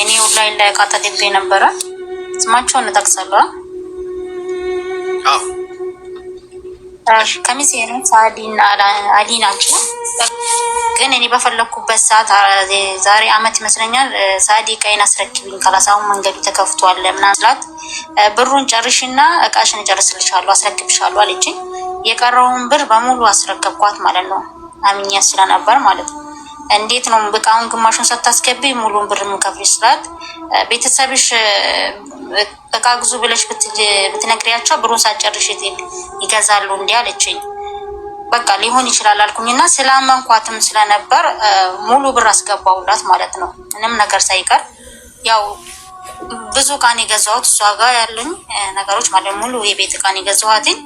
እኔ ሁላ ላይ ካተገብቶ የነበረ ስማቸውን እንጠቅሳለሁ። ከሚሴ አይነት አሊ ናቸው። ግን እኔ በፈለግኩበት ሰዓት ዛሬ አመት ይመስለኛል ሳዲ እቃዬን አስረክብኝ ካላሳሁን መንገዱ ተከፍቷል ምናምን ስላት ብሩን ጨርሽና እቃሽን እጨርስልሻለሁ አስረክብሻለሁ አለችኝ። የቀረውን ብር በሙሉ አስረከብኳት ማለት ነው። አምኛ ስለነበር ማለት ነው እንዴት ነው እቃውን ግማሹን ሳታስገቢ ሙሉን ብር የምንከፍልሽ ስላት ቤተሰብሽ እቃ ግዙ ብለሽ ብትነግሪያቸው ብሩን ሳጨርሽ ይገዛሉ እንዲህ አለችኝ። በቃ ሊሆን ይችላል አልኩኝና ስላመንኳትም ስለነበር ሙሉ ብር አስገባውላት ማለት ነው፣ ምንም ነገር ሳይቀር ያው ብዙ እቃን የገዛሁት እሷ ጋር ያሉኝ ነገሮች ማለት ሙሉ የቤት እቃን የገዛኋትኝ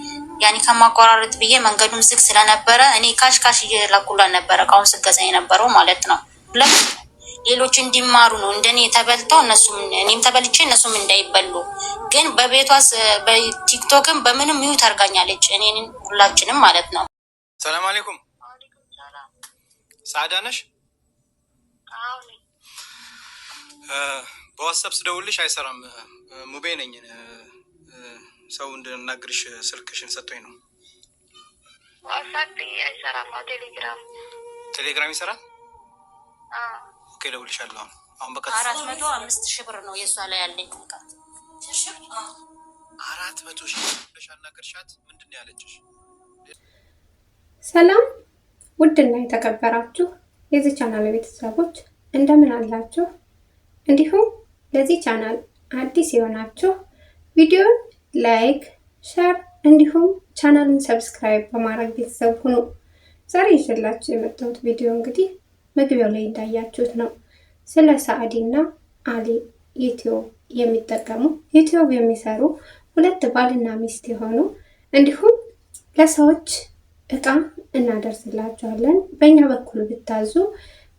ያኔ ከማቆራረጥ ብዬ መንገዱም ዝግ ስለነበረ እኔ ካሽ ካሽ እየላኩላን ነበረ እቃውን ስገዛ የነበረው ማለት ነው። ሌሎች እንዲማሩ ነው እንደኔ ተበልተው እነሱም እኔም ተበልቼ እነሱም እንዳይበሉ ግን በቤቷ በቲክቶክም በምንም ይሁት አድርጋኛለች እኔን ሁላችንም ማለት ነው። ሰላም አሌይኩም ሳዳ ነሽ። በዋትሳፕ ስደውልሽ አይሰራም። ሙቤ ነኝ ሰው እንድናግርሽ ስልክሽን ሰጥቶኝ ነው። ዋትሳፕ አይሰራም ነው ቴሌግራም ቴሌግራም ይሰራል። ኦኬ እደውልልሻለሁ። አሁን አሁን በቃ አራት መቶ አምስት ሺህ ብር ነው የእሷ ላይ ያለኝ ጥቃት አራት መቶ ሺህ ብለሽ አናግርሻት። ምንድን ነው ያለችሽ? ሰላም ውድና የተከበራችሁ የዚህ ቻናል ቤተሰቦች እንደምን አላችሁ? እንዲሁም ለዚህ ቻናል አዲስ የሆናችሁ ቪዲዮን ላይክ፣ ሸር እንዲሁም ቻናልን ሰብስክራይብ በማድረግ ቤተሰብ ሁኑ። ዛሬ ይዤላችሁ የመጣሁት ቪዲዮ እንግዲህ መግቢያው ላይ እንዳያችሁት ነው ስለ ሳዕዲ እና አሊ ዩቲዩብ የሚጠቀሙ ዩቲዩብ የሚሰሩ ሁለት ባልና ሚስት የሆኑ እንዲሁም ለሰዎች እቃ እናደርስላችኋለን። በእኛ በኩል ብታዙ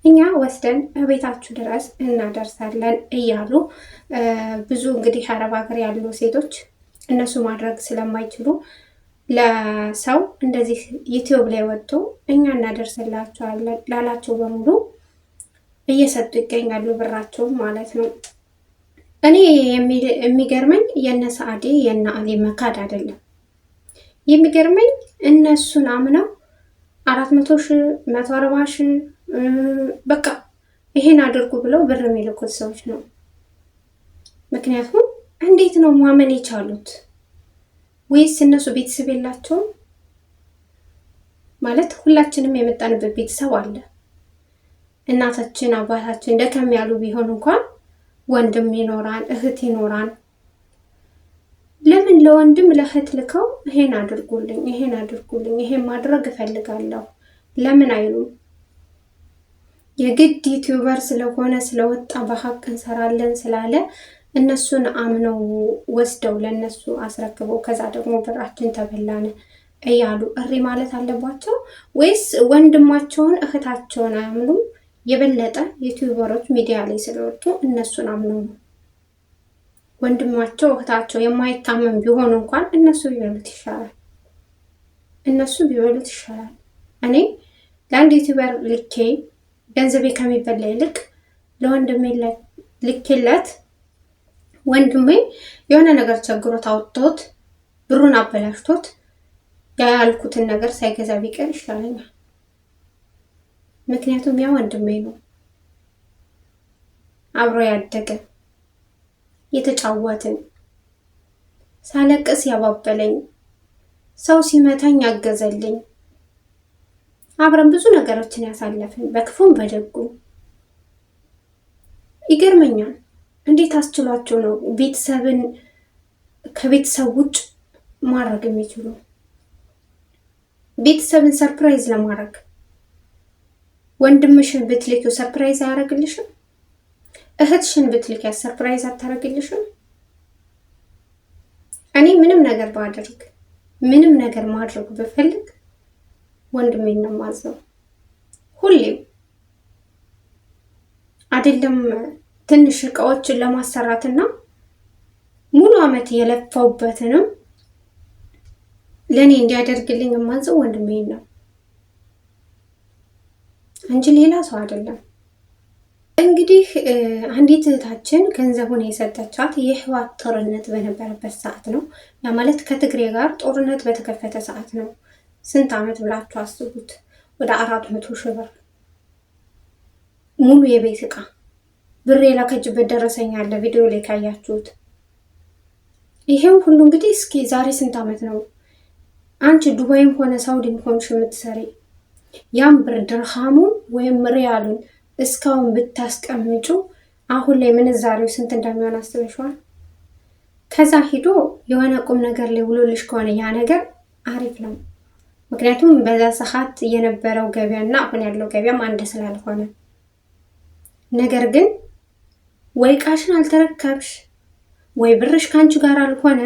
እኛ ወስደን በቤታችሁ ድረስ እናደርሳለን እያሉ ብዙ እንግዲህ አረብ ሀገር ያሉ ሴቶች እነሱ ማድረግ ስለማይችሉ ለሰው እንደዚህ ዩቲዩብ ላይ ወጥቶ እኛ እናደርስላቸዋለን ላላቸው በሙሉ እየሰጡ ይገኛሉ፣ ብራቸው ማለት ነው። እኔ የሚገርመኝ የነ ሰአዴ የነ አሊ መካድ አይደለም። የሚገርመኝ እነሱን አምነው አራት መቶ ሺ መቶ አርባ ሺ በቃ ይሄን አድርጉ ብለው ብር የሚልኩት ሰዎች ነው። ምክንያቱም እንዴት ነው ማመን የቻሉት? ወይስ እነሱ ቤተሰብ የላቸውም? ማለት ሁላችንም የመጣንበት ቤተሰብ አለ። እናታችን አባታችን ደከም ያሉ ቢሆን እንኳን ወንድም ይኖራል፣ እህት ይኖራል። ለምን ለወንድም ለእህት ልከው ይሄን አድርጉልኝ፣ ይሄን አድርጉልኝ፣ ይሄን ማድረግ እፈልጋለሁ ለምን አይሉም? የግድ ዩቲዩበር ስለሆነ ስለወጣ በሀቅ እንሰራለን ስላለ እነሱን አምነው ወስደው ለእነሱ አስረክበው ከዛ ደግሞ ብራችን ተበላን እያሉ እሪ ማለት አለባቸው ወይስ ወንድማቸውን እህታቸውን አምኑ የበለጠ ዩቲዩበሮች ሚዲያ ላይ ስለወጡ እነሱን አምነው ነው። ወንድማቸው እህታቸው የማይታመም ቢሆኑ እንኳን እነሱ ቢበሉት ይሻላል። እነሱ ቢበሉት ይሻላል። እኔ ለአንድ ዩቲዩበር ልኬ ገንዘቤ ከሚበላ ይልቅ ለወንድሜ ልኬለት ወንድሜ የሆነ ነገር ቸግሮት አውጥቶት ብሩን አበላሽቶት ያልኩትን ነገር ሳይገዛ ቢቀር ይሻለኛል። ምክንያቱም ያ ወንድሜ ነው፣ አብሮ ያደገ የተጫወትን፣ ሳለቅስ ያባበለኝ፣ ሰው ሲመታኝ ያገዘልኝ፣ አብረን ብዙ ነገሮችን ያሳለፍን በክፉም በደጉም ይገርመኛል። እንዴት አስችሏቸው ነው ቤተሰብን ከቤተሰብ ውጭ ማድረግ የሚችሉ? ቤተሰብን ሰርፕራይዝ ለማድረግ ወንድምሽን ብትልኪው ሰርፕራይዝ አያደርግልሽም? እህትሽን ብትልኪያ ሰርፕራይዝ አታደርግልሽም? እኔ ምንም ነገር ባደርግ ምንም ነገር ማድረግ ብፈልግ ወንድሜን ነው የማዘው ሁሌም አይደለም ትንሽ እቃዎችን ለማሰራትና ሙሉ አመት የለፋውበትንም ለእኔ እንዲያደርግልኝ የማንጽው ወንድሜ ነው እንጂ ሌላ ሰው አይደለም። እንግዲህ አንዲት እህታችን ገንዘቡን የሰጠቻት የህዋት ጦርነት በነበረበት ሰዓት ነው። ያ ማለት ከትግሬ ጋር ጦርነት በተከፈተ ሰዓት ነው። ስንት አመት ብላችሁ አስቡት። ወደ አራት መቶ ሺህ ብር ሙሉ የቤት እቃ? ብር የላከችበት ደረሰኝ አለ፣ ቪዲዮ ላይ ካያችሁት። ይሄው ሁሉ እንግዲህ እስኪ ዛሬ ስንት ዓመት ነው አንቺ ዱባይም ሆነ ሳውዲም ሆንሽ የምትሰሪ ያም ብር ድርሃሙን ወይም ሪያሉን እስካሁን ብታስቀምጩ አሁን ላይ ምንዛሬው ስንት እንደሚሆን አስበሽዋል? ከዛ ሂዶ የሆነ ቁም ነገር ላይ ውሎልሽ ከሆነ ያ ነገር አሪፍ ነው። ምክንያቱም በዛ ሰዓት የነበረው ገበያ እና አሁን ያለው ገበያም አንድ ስላልሆነ ነገር ግን ወይ ቃሽን አልተረከብሽ ወይ ብርሽ ከአንቺ ጋር አልሆነ።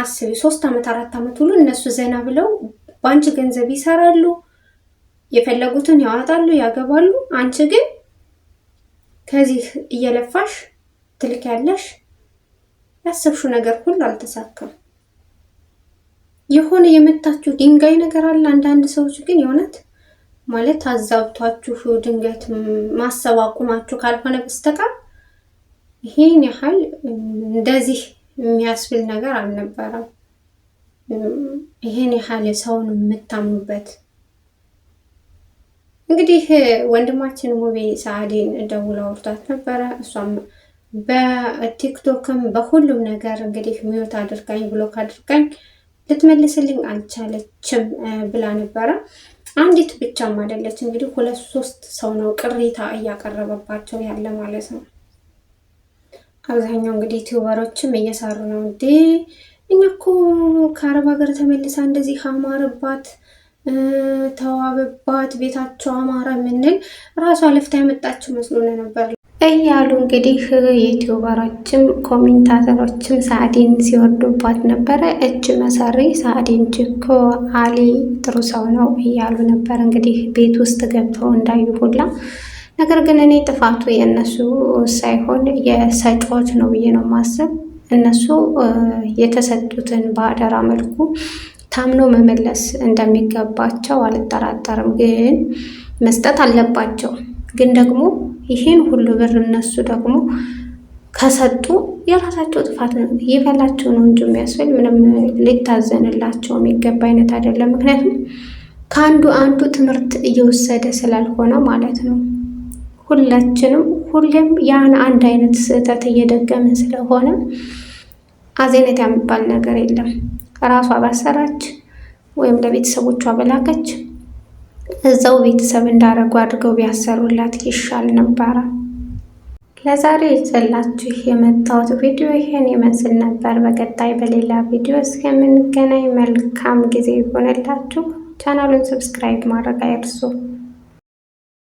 አስቢ ሶስት ዓመት አራት ዓመት ሁሉ እነሱ ዘና ብለው በአንቺ ገንዘብ ይሰራሉ፣ የፈለጉትን ያዋጣሉ፣ ያገባሉ። አንቺ ግን ከዚህ እየለፋሽ ትልክ ያለሽ ያሰብሽው ነገር ሁሉ አልተሳካም። የሆነ የመታችሁ ድንጋይ ነገር አለ። አንዳንድ ሰዎች ግን የእውነት ማለት አዛብቷችሁ ድንገት ማሰብ አቁማችሁ ካልሆነ በስተቀር ይሄን ያህል እንደዚህ የሚያስብል ነገር አልነበረም። ይሄን ያህል ሰውን የምታምኑበት እንግዲህ ወንድማችን ሙቤ ሰአዴን ደውላ አውርታት ነበረ። እሷም በቲክቶክም በሁሉም ነገር እንግዲህ ሚዩት አድርጋኝ ብሎክ አድርጋኝ ልትመልስልኝ አልቻለችም ብላ ነበረ። አንዲት ብቻም አይደለች እንግዲህ ሁለት ሶስት ሰው ነው ቅሬታ እያቀረበባቸው ያለ ማለት ነው። አብዛኛው እንግዲህ ዩቲዩበሮችም እየሰሩ ነው እንዴ እኛ እኮ ከአረብ ሀገር ተመልሳ እንደዚህ አማረባት ተዋበባት፣ ቤታቸው አማረ የምንል ራሷ ለፍታ ያመጣችው መስሎን ነበር። እያሉ እንግዲህ ዩቲዩበሮችም ኮሜንታተሮችም ሳዕዲን ሲወርዱባት ነበረ። እች መሰሪ ሳዕዲን ችኮ አሊ ጥሩ ሰው ነው እያሉ ነበር እንግዲህ ቤት ውስጥ ገብተው እንዳዩ ሁላ። ነገር ግን እኔ ጥፋቱ የእነሱ ሳይሆን የሰጪዎች ነው ብዬ ነው ማስብ። እነሱ የተሰጡትን በአደራ መልኩ ታምኖ መመለስ እንደሚገባቸው አልጠራጠርም፣ ግን መስጠት አለባቸው። ግን ደግሞ ይሄን ሁሉ ብር እነሱ ደግሞ ከሰጡ የራሳቸው ጥፋት ነው። ይበላቸው ነው እንጂ የሚያስፈል ምንም ሊታዘንላቸው የሚገባ አይነት አይደለም። ምክንያቱም ከአንዱ አንዱ ትምህርት እየወሰደ ስላልሆነ ማለት ነው። ሁላችንም ሁሌም ያን አንድ አይነት ስህተት እየደገምን ስለሆነ አዜነት የሚባል ነገር የለም። ራሷ ባሰራች ወይም ለቤተሰቦቿ በላከች እዛው ቤተሰብ እንዳረጉ አድርገው ቢያሰሩላት ይሻል ነበረ። ለዛሬ ይዘላችሁ የመጣሁት ቪዲዮ ይህን ይመስል ነበር። በቀጣይ በሌላ ቪዲዮ እስከምንገናኝ መልካም ጊዜ ይሆንላችሁ። ቻናሉን ሰብስክራይብ ማድረግ አይርሱ።